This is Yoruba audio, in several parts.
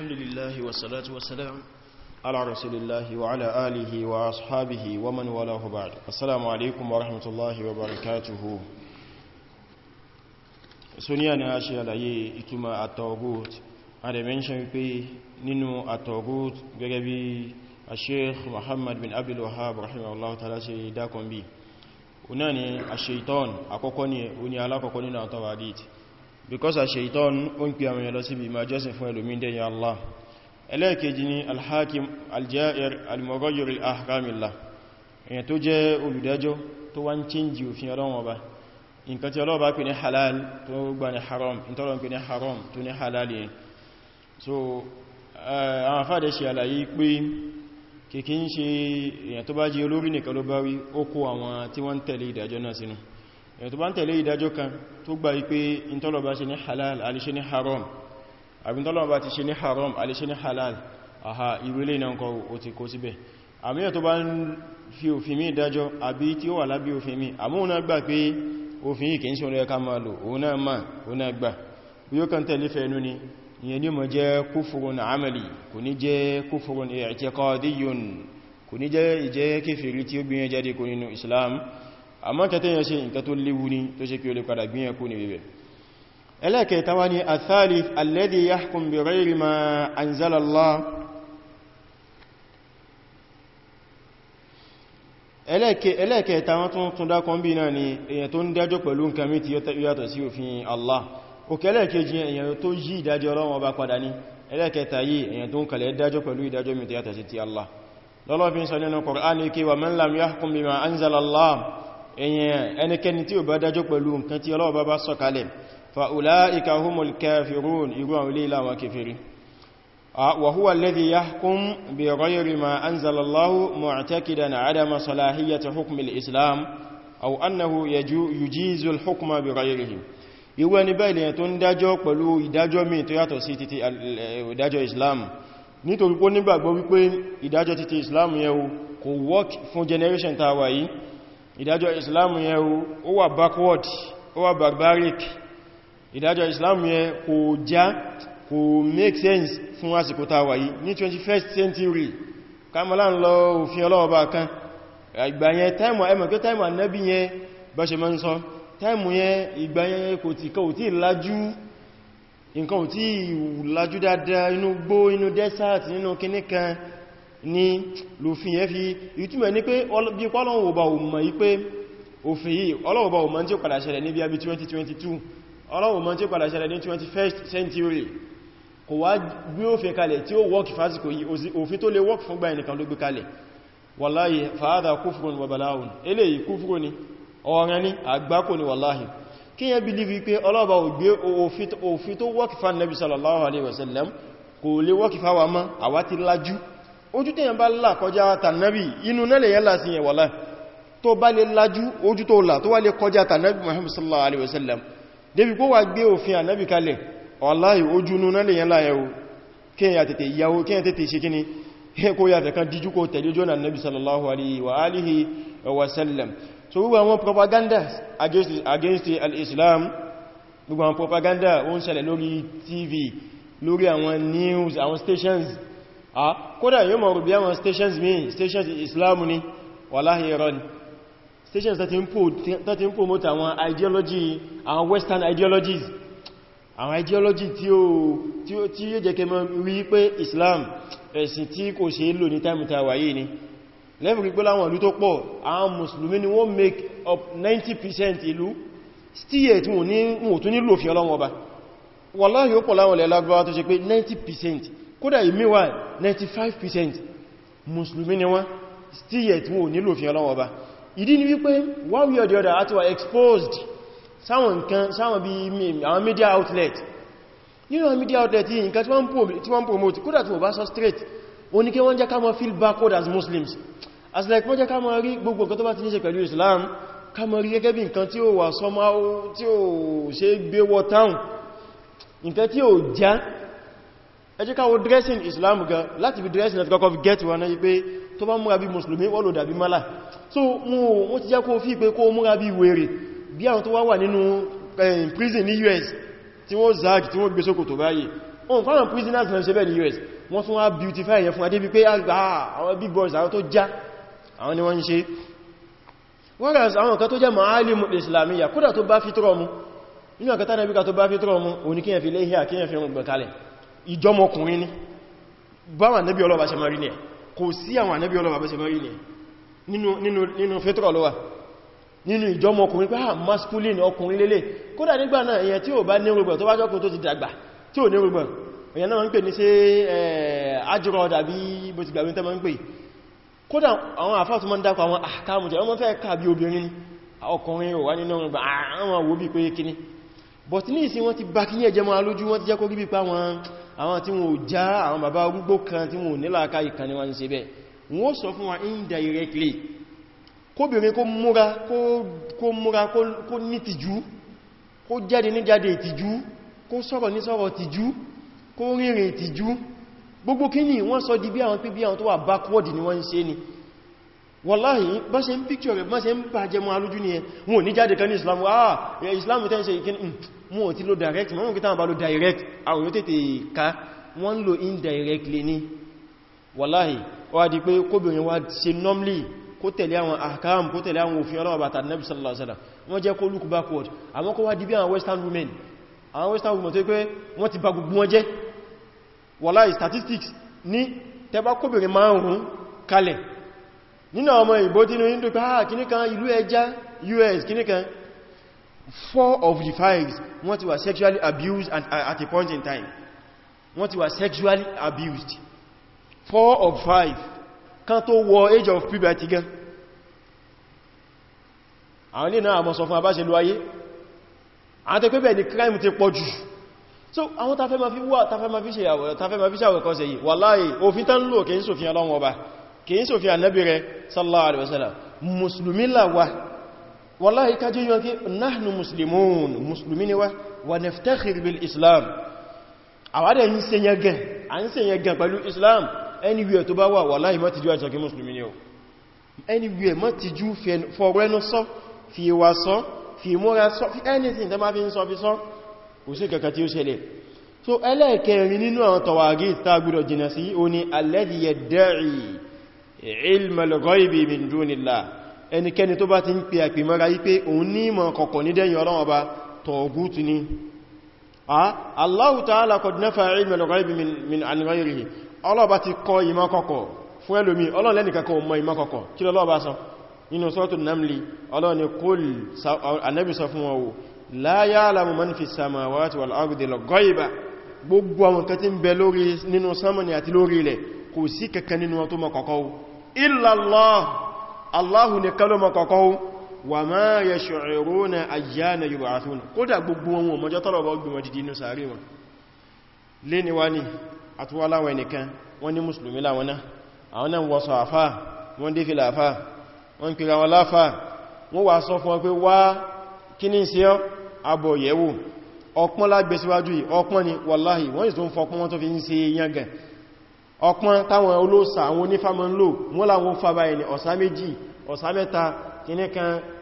الحمد لله والصلاة والسلام على رسول الله وعلى آله وأصحابه ومن ولاه بعد السلام عليكم ورحمة الله وبركاته سنيا ناشي على إتما التوغوت على منشن في نينو التوغوت غربي الشيخ محمد بن أبي الوهاب رحمه الله تعالى سيداكم بي وناني الشيطان أكوكوني وني على كوكوني نعطوا عديد because aṣeitan ó ń pè àwọn yẹ̀lọ síbi ma jọ́sìn fún ẹlòmín dẹ̀yìn Allah ẹlẹ́ẹ̀kejì ni alhakim aljair almogajir alhakamillah èyàn tó jẹ́ olùdájọ́ tó wá ń chíǹjì òfin ọlọ́wọ́ ba nǹkan tí ọlọ́wọ́ bá pè ní halal tó gbà ní haram ìtọ́lọ́wọ́ pè ní haram tó ní halal yẹn so eh, àwọn afáàdẹ̀ ṣe àlàyé pé kìkí ń ṣe èyàn tó bá jẹ́ olórí nìkan ló bá wí ó kó àwọn tí wọ́n tẹ̀lé èyàn tó bá ń tẹ̀lé ìdájọ́ kan tó gbà wípé ìntọ́lọ̀bá ṣe ní halal a lè ṣe ní haram àbí ìntọ́lọ̀bá ti ṣe ní haram a lè ṣe ní halal àha ìwélé náà kọ o ti kó síbẹ̀ àmì èyàn tó bá ń fi òfin mí ìdájọ́ àbí tí ó wà lábí òfin mí àmọ́ òun gbà pé òfin yìí kìí ṣe orí ẹka kò ní jẹ́ ìjẹ́ kéfèrí tí ó gbìyànjáde kò nínú Islam àmọ́ kẹtẹ́ yẹn ṣe nǹkan tó léwu ní tó ṣe kí o lè padà gbíyàn kú ní bíbẹ̀ ẹlẹ́kẹta wá ní athalif alladhi yahkum bi ghayri ma anzalallah ẹlẹ́kẹta wọ́n tún tún dákan bí náà ni èyàn tó ń dájọ́ pẹ̀lú nǹkan mí tí yàtọ̀ sí òfin Allah òkèlẹ́kẹjì èyàn tó yí ìdájọ́ Ọlọ́run ọba padà ní ẹlẹ́kẹta yìí èyàn tó ń kàlẹ̀ dájọ́ èyàn ẹnikẹni tí ó bá dájọ́ pẹ̀lú nǹkan tí Ọlọ́run bá sọ̀kalẹ̀ fa'ula'ika humul kafirun irú àwọn ilé ìlàwọn kèfèrí wa huwa alladhi yahkum bi ghayri ma anzalallahu mu'taqidan adama salahiyyati hukmi al-islam aw annahu yujizu al-hukma bi ghayrihi irú ẹni bẹ́ẹ̀lẹ̀ tó ń dájọ́ pẹ̀lú ìdájọ́ mi tó yàtọ̀ sí títí eh, ìdájọ́ islam nítorí pé nígbàgbọ́ wípé ìdájọ́ títí islam yẹn kò work fún generation tàwa yìí ìdájọ́ islam yẹn ó wà backward ó wà barbaric ìdájọ́ islam yẹn kò já kò make sense fún àsìkò tàwà yìí ní 21st century kamala ń lọ òfin ọlọ́ọ̀bá kan ìgbà yẹn taimu ẹmọ̀ pé taimu annabi yẹn bá ṣe mọ́ ń sọ taimu yẹn ìgbà yẹn kò tí kò tí lájú nǹkan ò ní lòfin yẹn fi ìtumọ̀ ní pé bí Ọlọ́run ọba ò mọ̀ wípé òfin yìí Ọlọ́run ọba ò mọ̀ tí ó padà ṣẹlẹ̀ ní bí i 2022 Ọlọ́run ò mọ̀ tí ó padà ṣẹlẹ̀ ní 21st century kò wá gbé òfin kalẹ̀ tí ó wọ́kì fásitì yìí òfin tó lè wọ́kì fún gbà ẹnìkan ló gbé kalẹ̀ wàláhì fàádà kúfùrún wàbàláhùn eléyìí kúfùrún ni ọ̀ràn ni àgbákò ni wàláhì kí yẹn bí lífi alaihi wasallam kò lè wọ́kì fáwa mọ́ àwátí lájú ojú tí yẹn bá là kọjá tànàbí inú nẹ́lẹ̀ yẹn lásì yẹn wàlá tó bá lè lájú ojú tó là tó wá lè kọjá tànàbí Muhammad sallallahu alaihi wasallam débi kó wà gbé òfin ànàbí kalẹ̀ wàláhì ojú inú nẹ́lẹ̀ yẹn láyẹ̀wò kíyàn tètè yàwó kíyàn tètè ṣe kíni kó yà fẹ̀ kan díjú kó tẹ̀lé jọ́nà nàbí sallallahu alaihi wa alihi wa sallam so gbogbo àwọn propaganda against, against al-Islam gbogbo àwọn propaganda ó ń ṣẹlẹ̀ lórí TV lórí àwọn news àwọn stations a kódà yóò mọ̀ rùbí àwọn stations mi stations islamu ni wallahi irọ́ ni stations tó ti ń promote àwọn ideology àwọn western ideologies àwọn ideology tí ó jẹ́ kẹmọ rí pé islam ẹ̀sìn tí kò ṣe lò ní time ta wáyé ni lẹ́fìrí pé láwọn ìlú tó pọ̀ àwọn mùsùlùmí ni wọ́n make up 90% ìlú stíyẹ̀ tí wọ́n tún nílò fi ọlọ́wọ́ ọba wallahi ó pọ̀ láwọn ilẹ̀ lágbàwà tó ṣe pé 90% kódà ìmíwà 95% musulmi ni wọ́n still yet wọ́n nílò fi ọlọ́wọ́ ọba ìdí ni wípé one way or the other àti wà exposed sáwọn nǹkan sáwọn bí àwọn media outlet nínú àwọn media outlet yìí nǹkan tí wọ́n promote kódà tí wọ́n bá sọ straight o ní kí wọ́n jẹ́ ká mọ́ feel backward as Muslims as like wọ́n jẹ́ ká mọ́ rí gbogbo nǹkan tó bá ti ní ṣe pẹ̀lú Islam ká mọ́ rí gẹ́gẹ́ bí nǹkan tí ó wà somehow tí ó ṣe gbé wọ town nǹkan tí ó já ẹ jẹ́ káwọn dressing islam gan láti bí dressing àti kọ́kọ́ get wọn náà pé tó bá múra bí mùsùlùmí wọ́n lò dàbí mọ́lá so wọ́n ti já kó fi pé kó múra bí wèrè bí àwọn tó wá wà nínú eh, prison ní US tí wọ́n zag tí wọ́n gbé ṣòkòtò báyìí ohun fáwọn prisoners náà ṣe bẹ́ẹ̀ ní US wọ́n tún wá beautify yẹn fún adé ah, bí big boys àwọn tó já àwọn ni wọ́n ń ṣe whereas àwọn kan tó jẹ́ ma'alimu islamiyya kódà tó bá fitrọ́ mu nínú àkátà nàbíkà ìjọmọkùnrin ni báwọn ànábì ọlọ́wà ṣe mọ́rí ní ẹ̀ kò sí àwọn ànábì ọlọ́wà ṣe mọ́rí ní ẹ̀ nínú fẹ́tọ́rọ̀ lọ́wà nínú ìjọmọkùnrin pé ah, masculine ọkùnrin lélẹ̀ kódà nígbà náà èyàn tí ò bá ní rúgbọ̀n tó bá jọ́kùn tó ti dàgbà tí ò ní rúgbọ̀n èyàn náà ń pè ní sí eh, ajúrọ̀ dàbí bó ti gbàmí tẹ́mọ́ ń pè kódà àwọn àfáà tó mọ́ ń dákọ̀ àwọn àkàmùjẹ́ wọ́n fẹ́ kà bí obìnrin ọkùnrin ò wá nínú rúgbọ̀n àwọn wo bí pé kíní but ní ìsìn wọ́n ti bá kíní ẹ̀jẹ̀ mọ́ alójú wọ́n ti jẹ́ kó rí pa wọn àwọn tí wọ́n já àwọn bàbá arúgbó kan tí wọ́n ní làákàyè ni wọ́n ń ṣe bẹ́ẹ̀ wọ́n sọ fún wa indirectly kóbìnrin kó múra kó múra kó ní tìjú kó jáde ní jáde ìtìjú kó sọ̀rọ̀ ní sọ̀rọ̀ tìjú kó rìnrìn ìtìjú gbogbo kíní wọ́n sọ di bí àwọn pé backward ni wọ́n ni wọ́láhì bá ṣe ń picture rẹ̀ bá ṣe ni ẹ wọn islam ah islam tẹ́ ń mú ò tí ló direct mọ́ kí táwọn bá direct àwọn yóò tètè ká wọ́n lò indirectly ní wàláhì wá di pé kóbìnrin wá ṣe normally kó tẹ̀lé àwọn ahkam kó tẹ̀lé àwọn òfin ọlọ́wọ́ bàtà nabi sallallahu alaihi wọ́n jẹ́ kó look backward àmọ́ kó western women àwọn western women tó pé statistics ní tẹba kóbìnrin márùn-ún kalẹ̀ nínú àwọn ọmọ ìbò tínú US kìníkan four of the five what ti sexually abused at, uh, at a point in time what ti sexually abused four of five kan tó wọ age of puberty gan àwọn ilé náà àmọ́ sọ fún àbáṣe ló ayé àwọn tẹ́ pẹ́bẹ̀ ni crime ti pọ̀ jù so àwọn tafẹ́ ma fi wà tafẹ́ ma fi ṣe àwẹ̀ tafẹ́ ma fi ṣe àwẹ̀ kan ṣe yìí wàláhì òfin tán lò kìí sòfin ọlọ́run ọba kìí sòfin ànábì rẹ̀ sallallahu alaihi wasallam Muslimin là wà wallahi ka jẹ́ yọ́n kí nahnu muslimun musulmi ni wá wa naftakhir bil islam àwádẹ̀ yí se yẹ gẹn a ń se yẹ gẹn pẹ̀lú islam anywhere tó bá wà wallahi má tijú àjọkí musulmi ni o anywhere má tijú fọ̀rẹ́nu sọ fi wà sọ fi múra sọ fi anything tó má fi ń fi sọ kò sí kẹkẹ tí ó ṣẹlẹ̀ so ẹlẹ́ẹ̀kẹrin nínú àwọn tọwàgí tá gbọ́dọ̀ jìnà sí o ni alladhi yadda'i ilmal ghaibi min dunillah ẹnikẹ́ni tó bá ti ń pè àpè mọ́ra wípé òun ní ìmọ̀ kọ̀kọ̀ ní dẹ́yìn ọlọ́run ọba tọ̀ọ̀gútù ni Allahu ta'ala qad nafa'a ilma al-ghaybi min an ghayrihi ọlọ́ọ̀bá ti kọ ìmọ̀ kọ̀kọ̀ fún ẹlòmí ọlọ́ọ̀lẹ́nìkẹ́kọ̀ọ́ mọ̀ ìmọ̀ kọ̀kọ̀ kí gbogbo àwọn kan tí ń bẹ lórí nínú sánmà ni àti lórí ilẹ̀ kò sí kankan nínú wọn tó mọ̀ Allahu ni kalọ́mọ kọ̀kọ́ wà máa yẹ ṣọ̀rọ̀ na ayyá na yóò àtún kódà gbogbo wọn mọjọ́ tọ́lọ̀ bọ́ gbìmọ̀ jìdí inú sàárè wọn lé ni wá ní àtúwáláwẹ̀ nìkan wọ́n ní musulmi láwọn àwọn náà wọ́sọ̀ àfá wọ́n dé fìlà àfá wọ́n kìra wọn láfá wọ́n wà sọ fún pé wá kí ní sí ọ́ abọ̀ yẹ̀wò ọpọ́n ni wàláhì wọ́n yìí tó ń fọpọ́n wọ́n tó fi ń ṣe ọpọ́n táwọn olóòsà àwọn onífàmọ́ ń lò wọ́n láwọn fàbá ẹni ọ̀sá méjì ọ̀sá mẹ́ta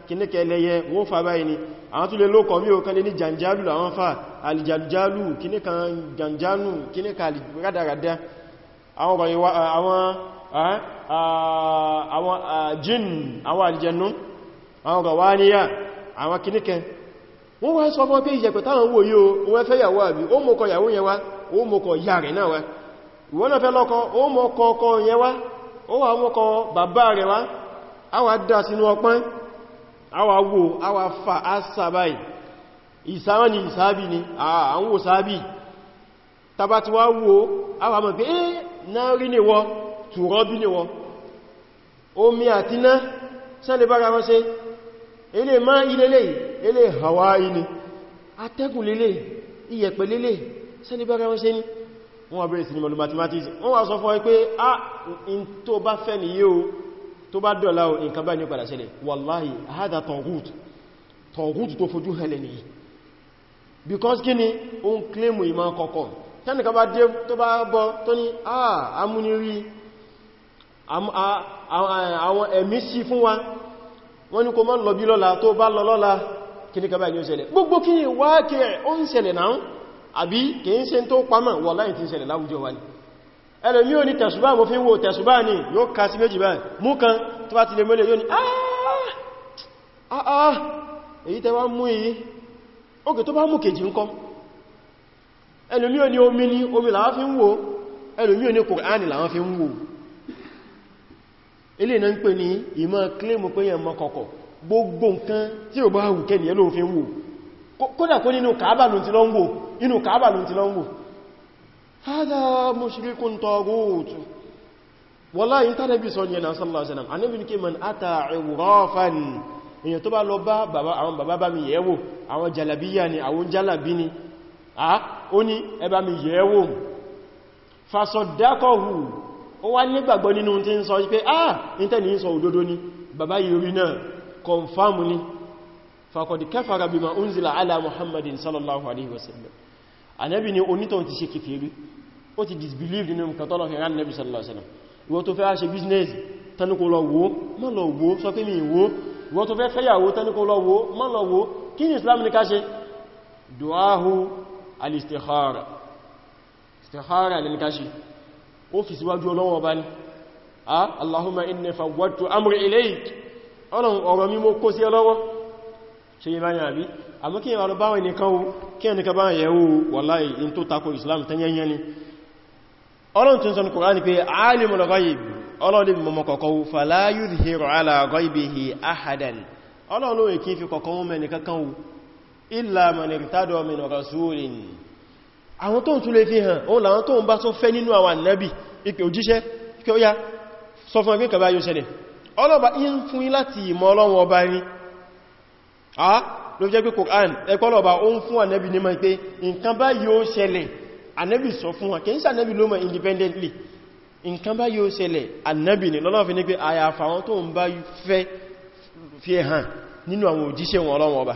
kìníkẹ lẹ́yẹ wọ́n fàbá ẹni àwọn tún lè lókọ̀ mí o kan lè ní jàǹjálù àwọn fà alìjàǹjálù kìníkan jàǹjánù kìníkà alìradàradà àwọn jìn àwọn alìjẹnú àwọn gọ̀wáníyà àwọn kìníkẹ wọ́n wá sọ fún pé ìjẹ̀pẹ̀ táwọn wòye o wọ́n fẹ́ yàwó yà rẹ̀ náà wá ìwọ́n náà fẹ́ lọ́kọ ó mọ́ kọ́ọ̀kọ́ yẹn wá ó wà mọ́kọ bàbá rẹ̀ wá a wà dá sínú ọpán a wà wò a wà fà á sàbáì ìsáwọn ni ìsáàbì ni àwọn wò sáàbì tàbá ti wá wò a wà mọ̀ pé é náà rí ní wọ tùrọ́ bí ní wọ omi àti ná sẹ́lẹ̀ bára wọ́n ṣe ilé má ilélé ilé Hawaii ni atẹ́gùn lélé iyẹ̀pẹ̀ lélé sẹ́lẹ̀ bára wọ́n ṣe ni wọ́n wá bẹ̀rẹ̀ sí ní mọ̀lú mathematics wọ́n wá sọ fún ẹ pé a ah, in tó bá fẹ́ ní yíò tó bá dọ̀lá o nǹkan bá ní padà ṣẹlẹ̀ wallahi hada tọ̀gùt tọ̀gùt tó fojú hẹlẹ̀ nìyí because kí ni ó ń claim ìmọ̀ kọ̀kọ̀ tẹ́nìkan bá dé tó bá bọ́ tó ní àmúnirí ah, àwọn ẹ̀mí sí fún wa wọ́n ní kó mọ́ lọ bí lọ́la tó bá lọ lọ́la kí ni kaba ní ó ṣẹlẹ̀ gbogbo kí ni wákẹ̀ ó ń ṣẹlẹ̀ náà àbí kìí ṣe tó pamọ́ wàláhì tí ń ṣẹlẹ̀ láwùjọ wa ní ẹlòmí ò ní tẹ̀sùbá mo fi ń wo tẹ̀sùbá ní yóò ká sí méjì báyìí mú kan tó bá ti lè mọ́lẹ̀ yóò ní àà ah, ah, ah, èyí tẹ́wà mú èyí ókè tó bá mú kejì ń kọ́ ẹlòmí ò ní kódà kó nínú kàábà ló ti lọ́ngbò inú kàábà ló ti lọ́ngbò hádá mushrikun taghut wallahi ìntánẹ́bì sọ yẹn sallallahu alaihi wasallam anẹ́bì ní kí man ata urafan èyàn tó bá lọ bá àwọn bàbá bá mi yẹ̀wò àwọn jalabiya ni àwọn jalabi ni a ó ní ẹbá mi yẹ̀wò fasaddaqahu ó wá nígbàgbọ́ nínú tí ń sọ pé ah ìntẹ́ni ń sọ òdodo ni bàbá faqad kafara bima unzila ala muhammadin sallallahu alaihi wasallam anabi ni onítọ̀ ti ṣe kèfèrí ó ti disbelieve nínú nǹkan tọ́lọ̀ fẹ́ràn nabi sallallahu alaihi wasallam ìwọ tó fẹ́ ṣe business tánúkò lọ wo má lọ wo sọ pé mi wo ìwọ tó fẹ́ fẹ́yàwó tánúkò lọ wo má lọ wo kí ni islam ní ká ṣe duahu al-istikhara istikhara ní ká ṣe ó fi síwájú ọlọ́wọ́ bá ní ah allahumma inni fawwadtu amri ilayk ọlọ́run ọ̀rọ̀ mi mo kó sí ọlọ́wọ́ ṣe yí báyìí àbí àmọ́ kí ìwàlọ báwọn nìkan o kí ẹnìkan bá yẹ̀wò wàláì in tó tako Islam tẹ́yẹnyẹ ni ọlọ́run tún sọ́nà Kùránì pé alimul ghaib ọlọ́run mọ̀mọ̀ kọ̀kọ́ fala yudhiru ala ghaibihi ahadan ọlọ́run lóye kí sọ fún ẹgbẹ́ kàbá yóò ṣẹlẹ̀ ọlọ́ba fún láti ìmọ̀ ọlọ́run ọba ni ah ló jẹ́ pé Qur'an ẹkọ́lọ̀bà ó ń fún ànẹ́bì ní ma pé nǹkan bá yóò ṣẹlẹ̀ ànẹ́bì sọ fún wọn kìí sànẹ́bì ló mọ̀ independently nǹkan bá yóò ṣẹlẹ̀ ànẹ́bì ni lọ́lọ́fin ní pé àyàfà wọn tó ń bá fẹ́ fi hàn nínú àwọn òjíṣẹ́ wọn ọlọ́wọ́ ọba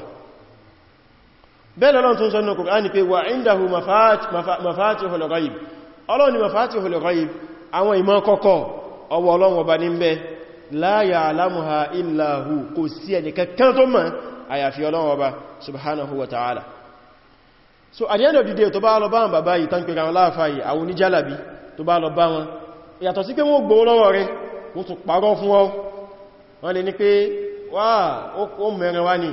bẹ́ẹ̀ lọ́lọ́n tó ń sọ nínú Qur'an pé wà indahu mafatihul ghaib ọlọ́ni mafatihul ghaib àwọn ìmọ̀ kọ́kọ́ ọwọ́ ọlọ́wọ́ la ya'lamuha illa hu kò sí ẹnìkan kan àyàfi Ọlọ́run Ọba subhanahu wa ta'ala so at the end of the day tó bá lọ bá wọn bàbá yìí tán pẹ̀rẹ̀ àwọn láàfà yìí àwọn oníjálàbí tó bá lọ bá wọn yàtọ̀ sí pé wọ́n gbọ́ lọ́wọ́ rẹ̀ wọ́n tún parọ́ fún ọ wọ́n lè ní pé wà ó mẹ́rin wá ní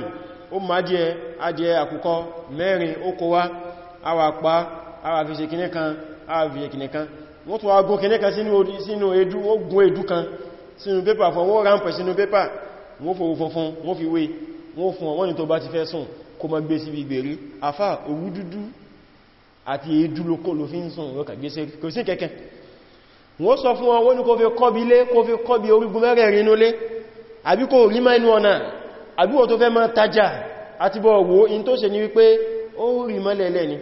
wọ́n edu ó gún edu kan sínú pépà fún wọ́n ráńpẹ̀ sínú pépà wọ́n fòwò funfun wọ́n fi wé wọ́n fún ọwọ́n tó bá ti fẹ́ sùn kó ma gbé sí ìgbèrí afá òwú dúdú àti èédú lókó ló fi ń sùn rọ́kà gbéṣẹ́ kò sí kẹ́kẹ́ wọ́n sọ fún ọwọ́n ní kó fi kọ́bi lé kó fi kọ́bi orígun mẹ́rẹ̀ẹ̀rin lólé ni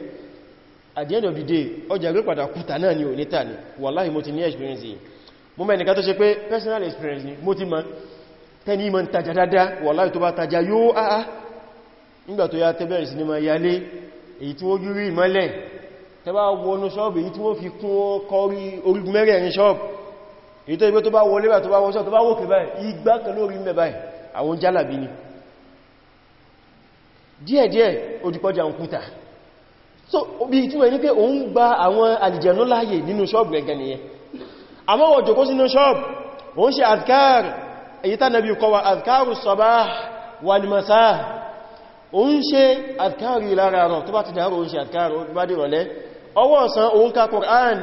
at the end of the day ọjà ni ò ní tà ní wàláhì mo ti ní personal experience ni mo tẹni mọ̀ tajà dáadáa wàláhì tó bá tajà yóò áá ah, ah. nígbà tó yá tẹ́bẹ̀rẹ̀ sí ni ma yálé èyí tí wọ́n rí ìmọ́lẹ̀ tẹ́bá wọnú ṣọ́ọ̀bù èyí tí wọ́n fi kún ọkọ̀ orí mẹ́rẹ̀ẹ̀rin ṣọ́ọ̀bù èyí tó ibẹ́ tó bá wọlé bá tó bá wọ́ṣọ́ tó bá wókè báyìí igbá kan lórí mẹ́ ni díẹ̀díẹ̀ odìkọjà ń kúta so bí ìtumọ̀ ní pé ṣọ́ọ̀bù èyí tánàbí kọwa azkaru sabah wal masa o ń ṣe azkaru lára rọ̀ tó bá ti dáàrù o ń ṣe azkaru bá dì rọ̀lẹ́ ọwọ́ ọ̀sán o ń ka Qur'an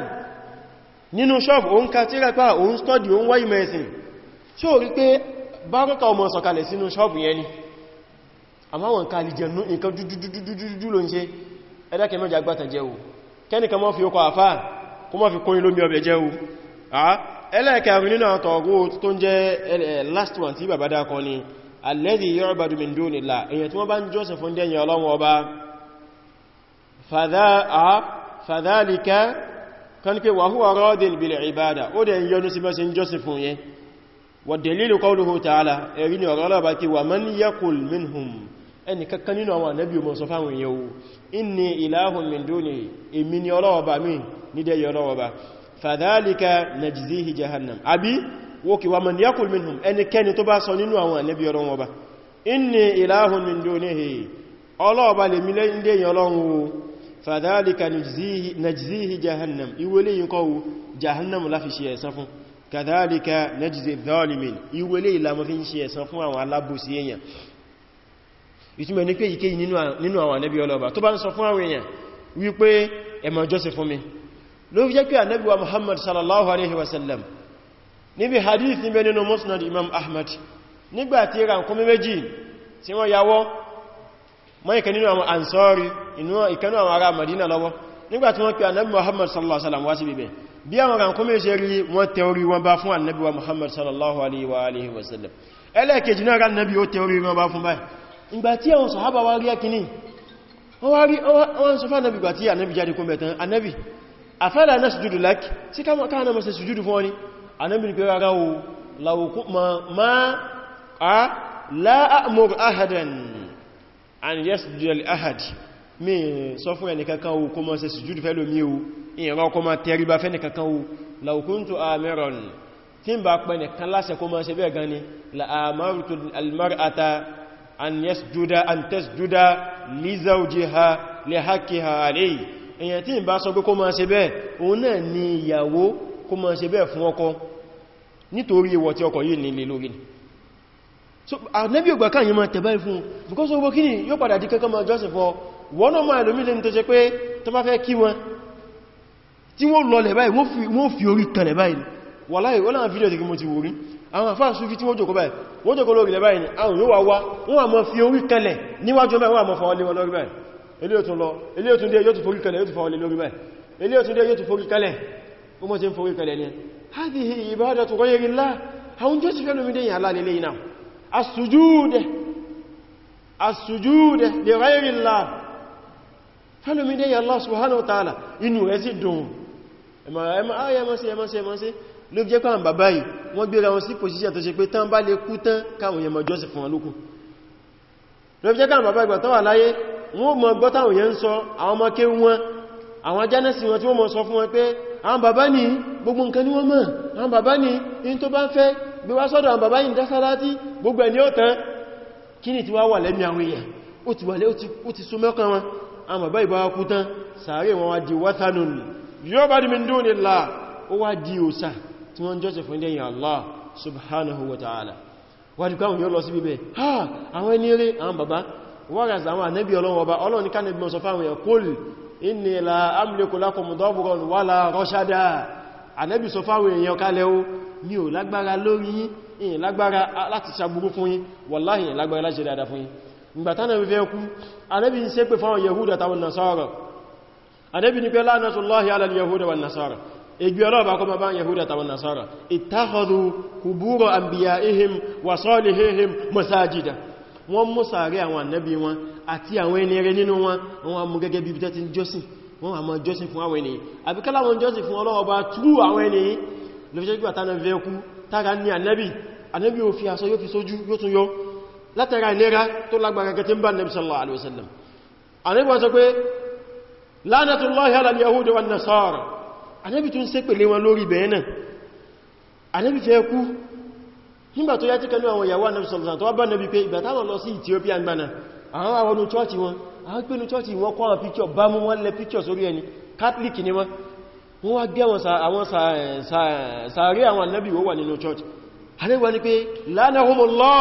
nínú ṣọ́ọ̀bù o ń ka tírapá o ń stọ́dì o ń wáyé mẹ́sìn tí ó rí pé bárúkà ọmọ sọ̀kalẹ̀ sínú ṣọ́ọ̀bù yẹn ni àmáwọn ka alìjẹ̀nú nǹkan dúdúdúdúdú ló ń ṣe ẹ̀dá Ah, ẹlẹ́ẹ̀kẹrin nínú àwọn tọ̀gót tó ń jẹ́ eh, eh, last one tí bàbá dákọ ni alladhi yu'badu min dunillah èyàn tí wọ́n bá ń jọ́sẹ̀ fún dẹ́yìn ọlọ́wọ́ ọba ah, fadhalika kan pé wa huwa radin ó dẹ̀ yọnu sí mẹ́sí jọ́sẹ̀ fún yẹn wa dalilu qawluhu ta'ala ẹ̀rí ni ọ̀rọ̀ ọlọ́ba kí wa man yaqul minhum ẹni kankan nínú àwọn ànábì mọ̀ sọ fáwọn yẹ̀wò inni ilahun min èmi ni ọlọ́wọ́ bá mi ní dẹ́yìn ọlọ́wọ́ bá fàdálíkà najzihi jahannam àbí wókè wa man yakul minhum ẹnikẹni tó bá sọ nínú àwọn ànábì ọlọ́run ọba inni ilahun min dunihi ọlọ́ọ̀bá lè mílẹ̀ ilé yẹn ọlọ́run o fàdálíkà najzihi jahannam ìwélé yìí kọ́ wo jahannam láfi ṣe ẹ̀san fún kàdálíkà najzi zalimin ìwélé ìlàmọ́ fi ń ṣe ẹ̀san fún àwọn alábòsí èèyàn ìtumẹ̀ ní pé ìkéyìí nínú àwọn ànábì ọlọ́ọ̀bá tó bá ń sọ fún àwọn èèyàn wípé ẹmọ jọ́sìn fún mi ló fi jẹ́ pé ànábì wa muhammad sallallahu alaihi wasallam níbi hadith ní bẹni nínú musnad imam ahmad nígbàtí ránkúnmí méjì tí wọ́n yawọ́ mọ́ ìkan nínú àwọn ansori ìkanú àwọn ará madina lọ́wọ́ nígbàtí wọ́n pè ànábì muhammad sallallahu alaihi wasallam wá sí bíbẹ̀ bí àwọn ránkúnmí ṣe rí wọ́n tẹ orí wọn bá fún ànábì wa muhammad sallallahu alaihi wasallam ẹlẹ́ẹ̀kejì náà rán nábi ó tẹ orí wọn bá fún báyìí afẹ́lẹ̀ náà sùjúdù lákì sí káàna mọ́ sí sùjúdù fún ọni anábìn pé rárá o láwòkú ma a láàmùr ahadan an yasjudu lil ahad mi sọ fún ẹni kankan o kó mọ́ sí sùjúdù fẹ́ lómi o ìran kó mọ́ tẹríba fẹ́ nìkankan o law kuntu amiran tí ń bá pẹ́ nìkan láṣẹ kó mọ́ sí bẹ́ẹ̀ gan ni la'amartu almar'ata an yasjuda an tasjuda li zawjiha li haqqiha alayhi èyàn tí ń bá sọ pé kó máa ṣe bẹ́ẹ̀ òun náà ni ìyàwó kó máa ṣe bẹ́ẹ̀ fún ọkọ nítorí ìwọ̀ tí ọkọ yìí nílé lórí so ànábì ògbà kan yìí máa tẹ̀bá ìfún because ogbó kí ni yóò padà di kankan máa jọ́sìn fọ́ wọ́n mo ti wòrí àwọn àfáà súnfí tí wọ́n jòkó báyìí wọ́n jòkó lórí lẹ̀ báyìí àwọn yóò wá wá wọ́n wà mọ́ fi orí kanlẹ̀ níwájú mẹ́wàá mọ́ fọwọ́lé wọn lórí báyìí ilé òtún lọ ilé òtún dé yóò tún forí kalẹ̀ yóò tún fàwọlé lórí báyìí ilé òtún dé yóò tún forí kalẹ̀ ó mọ́ sí ń forí kalẹ̀ ní hadhihi ibadatu ghayri Allah àwọn jẹ́ sí fẹ́ lómi dẹ́yìn alá lélẹ́ iná as-sujud as-sujud li ghayri Allah fẹ́lómi dẹ́yìn Allah subhanahu wa ta'ala inú ẹ̀ sí dùn ẹmà ẹmà sí ẹmà sí ẹmà sí ló jẹ́ pàà bàbá yìí wọ́n gbéra wọn sí pòsíṣẹ́ tó ṣe pé tán bá lè kú tán káwọn yẹmọ̀ jọ́sìn fún wọn lókù ló jẹ́ pàà bàbá ìgbà tó wà láyé wọ́n mọ̀ gbọ́tàwò yẹn ń sọ àwọn ọmọ kéwú wọn àwọn jánẹ́sì wọn tí wọ́n mọ̀ sọ fún wọn pé àwọn bàbá ní gbogbo nǹkan ní wọ́n mọ̀ àwọn bàbá ní in tó bá ń fẹ́ gbé wá sọ́dọ̀ àwọn bàbá yìí dásálátí gbogbo ẹni ó ni Allah subhanahu wa ta'ala wà ní káwọn ha àwọn ẹni eré àwọn whereas àwọn ànábì ọlọ́run ọba ọlọ́run ní kánàbí mọ́ sọ fáwọn èèyàn kúl inni la amliku lakum dọ́bùrọ̀n wala rọ́ṣádà ànábì sọ fáwọn èèyàn kalẹ̀ o mi ò lágbára lórí yín ìyìn ọlọ́ọ̀bá kọ́ ma bá yahuda táwọn nasara ittakhadhu qubura anbiya'ihim wa salihihim masajida wọ́n mú sàárẹ́ àwọn ànábì wọn àti àwọn ẹni rere nínú wọn wọ́n mú gẹ́gẹ́ bí ibi tẹ́tí jọ́sìn wọ́n wà mọ́ jọ́sìn fún àwọn ènìyàn àbíkálà wọn jọ́sìn fún Ọlọ́run Ọba tú àwọn ènìyàn lọ́fíṣẹ́ gbà tánà vẹ́ẹ̀kú tára ní ànábì ànábì ò fi aṣọ yóò fi sójú yóò tún yọ látara ìlera tó yahudi wa nasara ànábì tún ṣépè lé wọn lórí bẹ̀ẹ́ nígbà tó yá tí kẹlú àwọn ìyàwó anábi sọ̀rọ̀ tó wá bá nábi pé ìgbà táwọn lọ sí Ethiopia gbaná àwọn àwọn ọdún chọ́ọ̀tì wọn àwọn pínú chọ́ọ̀tì wọn kọ́ àwọn píkọ̀ bá mú wọn lẹ píkọ̀ sórí ẹni Catholic ni wọn wọ́n wá gẹ́ wọn àwọn sàárè àwọn anábi wọ́n wà nínú chọ́ọ̀tì alẹ́wà ni pé lánàhùnmọ̀lọ́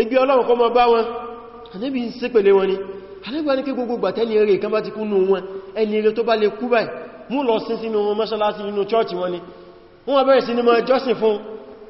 ẹgbẹ́ ọlọ́run kọ́ mọ bá wọn anábi ń sé pẹ̀lẹ́ wọn ni alẹ́wà ni pé gbogbo gbàtẹ́ni eré kan bá ti kúnnú wọn ẹni eré tó bá lè kú báyìí mú lọ sí sínú mọ́ṣálásí nínú chọ́ọ̀tì wọn ni wọ́n bẹ̀rẹ̀ sí ni mọ́ jọ́sìn fún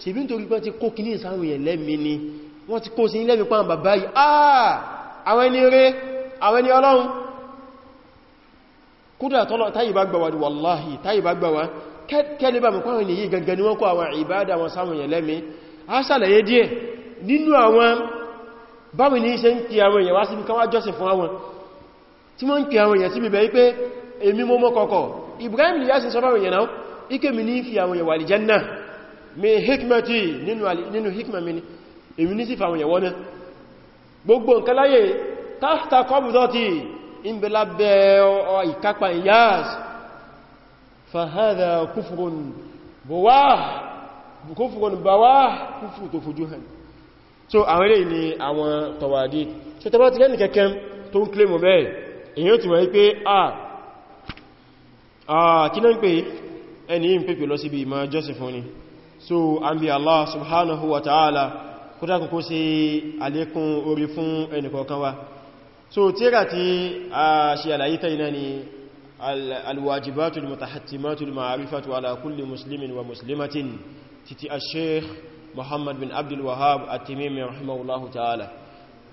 ṣe bí nítorí pé ti kó kí ní ìsáwọn èèyàn lẹ́mí ni wọ́n ti kó sí ní lẹ́mí pàmà bàbá yìí àà ah! àwọn ẹni rẹ̀ àwọn ẹni ọlọ́run kúrò tọ́lọ táyì bá gbà wà ní wàláhì táyì bá gbà wà kẹ́lẹ̀ bá mọ̀kọ́ àwọn ènìyàn gangan ni wọ́n kó àwọn ìbádà wọn sáwọn èèyàn lẹ́mí a ṣàlàyé Ibrahim ni yá sí ike mi ní fi àwọn èèyàn wà náà min hikmati nínú hikma mi ni èmi ní sí fàwọn ìyẹ̀wọ́ náà gbogbo nǹkan láyé tàhtà kọbùdọ́tì in bẹ lábẹ́ ọ ìkápa ìyáz fàhádà kúfùrùn bàwá kúfùrù tó fojú hàn so àwọn ilé ni àwọn tọwàdí so tọba ti lẹ́nì kẹ́kẹ́ tó ń kílé mọ̀ bẹ́ẹ̀ èyàn ti wà ní a kí náà ń ẹni yìí ń pèpè lọ síbi ìmá jọ́sìn fún ni so an bi Allah subhanahu wa ta'ala kúta kò ṣe àlékún orí fún ẹnìkọ̀ọ̀kan wa so tírà tí a ṣe àlàyé ta ina ni alwajibatul mutahattimatul ma'arifatu ala kulli muslimin wa muslimatin titi a muhammad bin abdul wahab at-Tamimi rahimahullahu ta'ala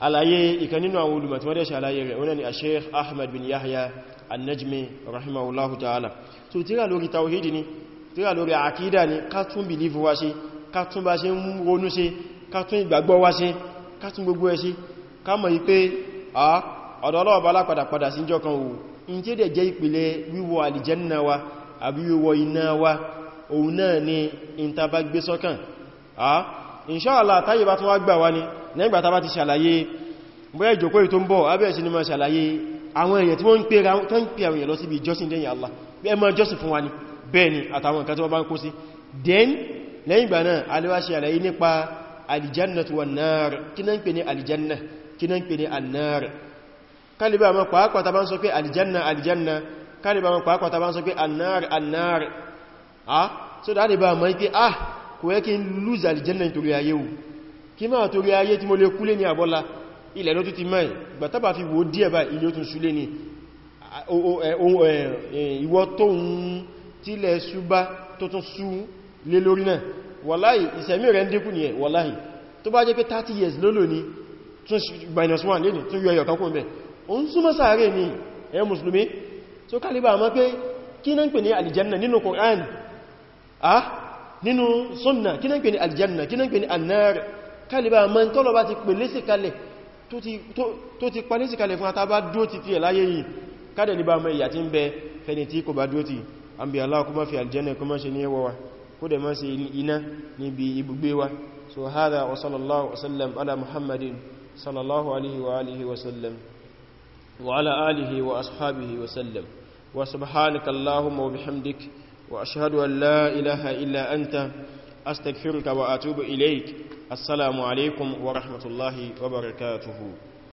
àlàyé ìkan nínú àwọn olùmọ̀ tí wọ́n dẹ̀ ṣe àlàyé ahmad bin yahya an-najmi rahimahullahu ta'ala so tírà lórí tawhidi ni tíra lórí àkídà ni ká tún bìlífù wá ṣe ká tún bá ṣe ń ronú ṣe ká tún ìgbàgbọ́ wá ṣe ká tún gbogbo ẹ̀ ṣe ká mọ̀ wípé à ọ̀dọ̀ ọlọ́ọ̀bá lápadàpadà sí jọ kan òun in tí ó dẹ̀ jẹ́ ìpìlẹ̀ wíwọ àlìjẹ́nà wa àbí ni ìta bá ni nígbà tá bá ti ṣàlàyé bóyá ìjòkó ètò ń bọ̀ abẹ́ fún wa ni bẹ́ẹ̀ni àtàwọn nǹkan tí wọ́n bá ń kó sí den lẹ́yìn ìgbà náà aliwaṣe àlàyé nípa alìjanna tó wà náà kí náà ń pè ní alìjanna kí náà ń pè ní annáàrì kálíbà mọ́ pàápàá tàbá ń sọ pé alìjanna alìjanna kálíbà mọ́ pàápàá tàbá ń sọ pé annáàrì annáàrì ah so dáadé bá ah kò yẹ kí n lose alìjanna nítorí ayé o kí máa torí ayé tí mo lè kúlé ní àbọ́lá ilẹ̀ ló tún ti máa gbàtàbà tó ń tílẹ̀ ṣúbá tó tún sú lé lórí náà wàláhì ìsẹ̀mí rẹ̀ ń dínkù ní ẹ̀ wàláhì tó bá jẹ́ pé 30 years lólò ní tún minus 1 lè ní tún yọ ẹ̀yọ̀kan kún bẹ̀ o tó kálíbà mọ́ ní alìjẹ́nà ah nínú sunna kí náà ń pè ní alìjẹ́nà kí náà ń pè ní annar kálíbà mọ́ tọ́lọ bá ti pè lésìkalẹ̀ tó ti pa lésìkalẹ̀ fún àtàbá dúó ti fi ẹ̀ láyé yìí kádẹ̀ ní ìyà tí ń bẹ fẹni tí kò bá dúó ti an bi Allah kuma fi aljanna kuma shi ne wawa ku da ma sai ina ni bi ibugbe so hada wa sallallahu wa sallam ala muhammadin sallallahu alaihi wa alihi wa sallam wa ala alihi wa ashabihi wa sallam wa subhanaka allahumma wa bihamdik wa ashhadu an la ilaha illa anta astaghfiruka wa atubu ilaik assalamu alaikum wa rahmatullahi wa barakatuhu